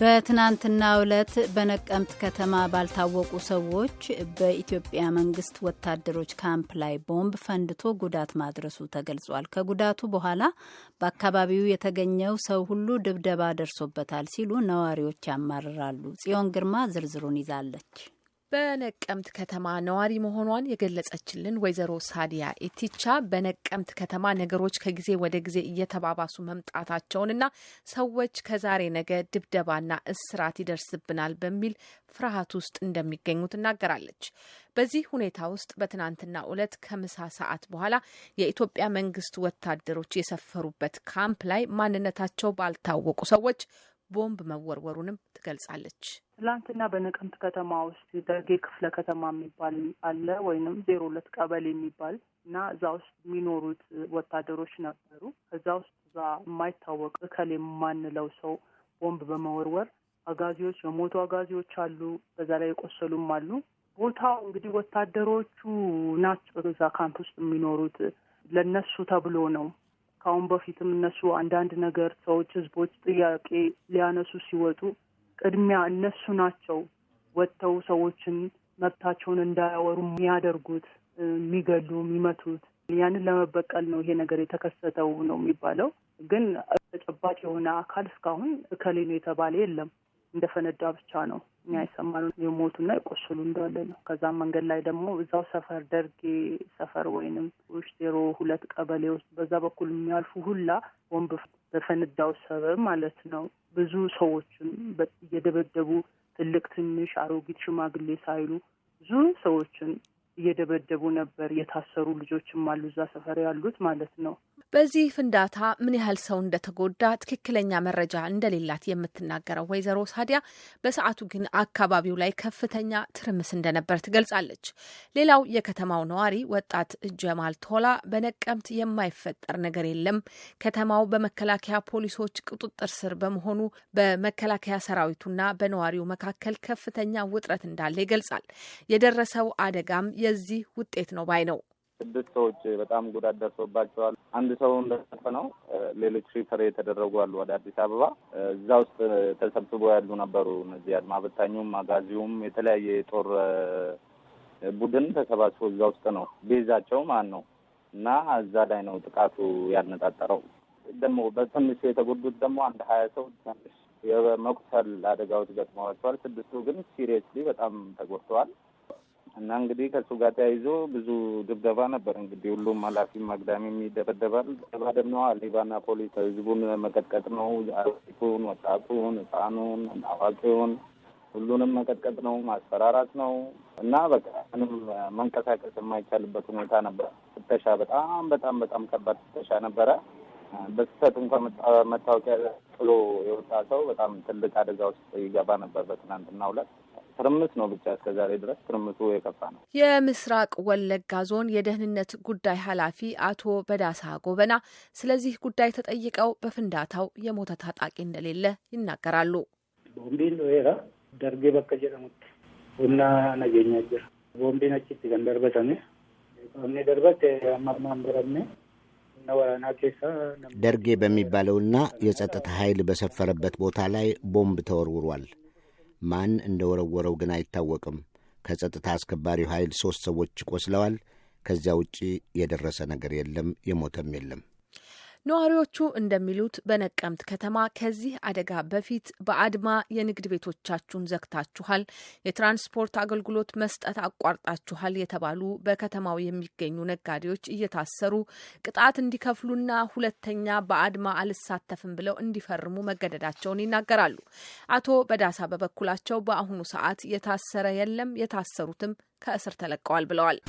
በትናንትና ዕለት በነቀምት ከተማ ባልታወቁ ሰዎች በኢትዮጵያ መንግስት ወታደሮች ካምፕ ላይ ቦምብ ፈንድቶ ጉዳት ማድረሱ ተገልጿል። ከጉዳቱ በኋላ በአካባቢው የተገኘው ሰው ሁሉ ድብደባ ደርሶበታል ሲሉ ነዋሪዎች ያማርራሉ። ጽዮን ግርማ ዝርዝሩን ይዛለች። በነቀምት ከተማ ነዋሪ መሆኗን የገለጸችልን ወይዘሮ ሳዲያ ኢቲቻ በነቀምት ከተማ ነገሮች ከጊዜ ወደ ጊዜ እየተባባሱ መምጣታቸውንና ሰዎች ከዛሬ ነገ ድብደባና እስራት ይደርስብናል በሚል ፍርሃት ውስጥ እንደሚገኙ ትናገራለች። በዚህ ሁኔታ ውስጥ በትናንትና ዕለት ከምሳ ሰዓት በኋላ የኢትዮጵያ መንግስት ወታደሮች የሰፈሩበት ካምፕ ላይ ማንነታቸው ባልታወቁ ሰዎች ቦምብ መወርወሩንም ትገልጻለች። ትላንትና በነቀምት ከተማ ውስጥ ደርጌ ክፍለ ከተማ የሚባል አለ ወይንም ዜሮ ሁለት ቀበሌ የሚባል እና እዛ ውስጥ የሚኖሩት ወታደሮች ነበሩ። እዛ ውስጥ እዛ የማይታወቅ እከሌ የማንለው ሰው ቦምብ በመወርወር አጋዚዎች የሞቱ አጋዚዎች አሉ፣ በዛ ላይ የቆሰሉም አሉ። ቦታው እንግዲህ ወታደሮቹ ናቸው እዛ ካምፕ ውስጥ የሚኖሩት ለነሱ ተብሎ ነው ከአሁን በፊትም እነሱ አንዳንድ ነገር ሰዎች፣ ህዝቦች ጥያቄ ሊያነሱ ሲወጡ ቅድሚያ እነሱ ናቸው ወጥተው ሰዎችን መብታቸውን እንዳያወሩ የሚያደርጉት የሚገሉ፣ የሚመቱት ያንን ለመበቀል ነው ይሄ ነገር የተከሰተው ነው የሚባለው። ግን ተጨባጭ የሆነ አካል እስካሁን እከሌ ነው የተባለ የለም። እንደፈነዳ ብቻ ነው እኛ የሰማነው። የሞቱና የቆሰሉ እንዳለ ነው። ከዛም መንገድ ላይ ደግሞ እዛው ሰፈር ደርጌ ሰፈር ወይንም ውስጥ ዜሮ ሁለት ቀበሌ ውስጥ በዛ በኩል የሚያልፉ ሁላ ወንብ በፈነዳው ሰበብ ማለት ነው ብዙ ሰዎችን እየደበደቡ ትልቅ ትንሽ፣ አሮጊት ሽማግሌ ሳይሉ ብዙ ሰዎችን እየደበደቡ ነበር። የታሰሩ ልጆችም አሉ እዛ ሰፈር ያሉት ማለት ነው። በዚህ ፍንዳታ ምን ያህል ሰው እንደተጎዳ ትክክለኛ መረጃ እንደሌላት የምትናገረው ወይዘሮ ሳዲያ በሰዓቱ ግን አካባቢው ላይ ከፍተኛ ትርምስ እንደነበር ትገልጻለች። ሌላው የከተማው ነዋሪ ወጣት ጀማል ቶላ በነቀምት የማይፈጠር ነገር የለም፣ ከተማው በመከላከያ ፖሊሶች ቁጥጥር ስር በመሆኑ በመከላከያ ሰራዊቱና በነዋሪው መካከል ከፍተኛ ውጥረት እንዳለ ይገልጻል። የደረሰው አደጋም የዚህ ውጤት ነው ባይ ነው። ስድስት ሰዎች በጣም ጉዳት ደርሶባቸዋል። አንድ ሰው ነው። ሌሎች ሪፈር የተደረጉ አሉ ወደ አዲስ አበባ። እዛ ውስጥ ተሰብስቦ ያሉ ነበሩ። እነዚህ አድማ በታኙም አጋዚውም የተለያየ የጦር ቡድን ተሰባስቦ እዛ ውስጥ ነው ቤዛቸው ማን ነው እና እዛ ላይ ነው ጥቃቱ ያነጣጠረው። ደግሞ በትንሹ የተጎዱት ደግሞ አንድ ሀያ ሰው ትንሽ የመቁሰል አደጋዎች ገጥመዋቸዋል። ስድስቱ ግን ሲሪየስሊ በጣም ተጎድተዋል። እና እንግዲህ ከሱ ጋር ተያይዞ ብዙ ድብደባ ነበር። እንግዲህ ሁሉም ኃላፊም አግዳሚም ይደበደባል። ደባ ደግሞ ሌባና ፖሊስ ህዝቡን መቀጥቀጥ ነው። አሪፉን፣ ወጣቱን፣ ህፃኑን፣ አዋቂውን ሁሉንም መቀጥቀጥ ነው፣ ማስፈራራት ነው እና በቃ ምንም መንቀሳቀስ የማይቻልበት ሁኔታ ነበረ። ፍተሻ በጣም በጣም በጣም ከባድ ፍተሻ ነበረ። በስህተት እንኳን መታወቂያ ጥሎ የወጣ ሰው በጣም ትልቅ አደጋ ውስጥ ይገባ ነበር በትናንትናው ዕለት ትርምስ ነው ብቻ ዛሬ ድረስ ትርምሱ የከፋ ነው። የምስራቅ ወለጋ ዞን የደህንነት ጉዳይ ኃላፊ አቶ በዳሳ ጎበና ስለዚህ ጉዳይ ተጠይቀው በፍንዳታው የሞተ ታጣቂ እንደሌለ ይናገራሉ። ቦምቢን ወራ ደርጌ በከ ጀረሙት ቡና ነገኛ ጅራ ቦምቢን አችት ገንደርበተሜ ደርበት አማማንበረሜ ደርጌ በሚባለውና የጸጥታ ኃይል በሰፈረበት ቦታ ላይ ቦምብ ተወርውሯል። ማን እንደ ወረወረው ግን አይታወቅም። ከጸጥታ አስከባሪው ኃይል ሦስት ሰዎች ቆስለዋል። ከዚያ ውጪ የደረሰ ነገር የለም፣ የሞተም የለም። ነዋሪዎቹ እንደሚሉት በነቀምት ከተማ ከዚህ አደጋ በፊት በአድማ የንግድ ቤቶቻችሁን ዘግታችኋል፣ የትራንስፖርት አገልግሎት መስጠት አቋርጣችኋል የተባሉ በከተማው የሚገኙ ነጋዴዎች እየታሰሩ ቅጣት እንዲከፍሉና ሁለተኛ በአድማ አልሳተፍም ብለው እንዲፈርሙ መገደዳቸውን ይናገራሉ። አቶ በዳሳ በበኩላቸው በአሁኑ ሰዓት የታሰረ የለም፣ የታሰሩትም ከእስር ተለቀዋል ብለዋል።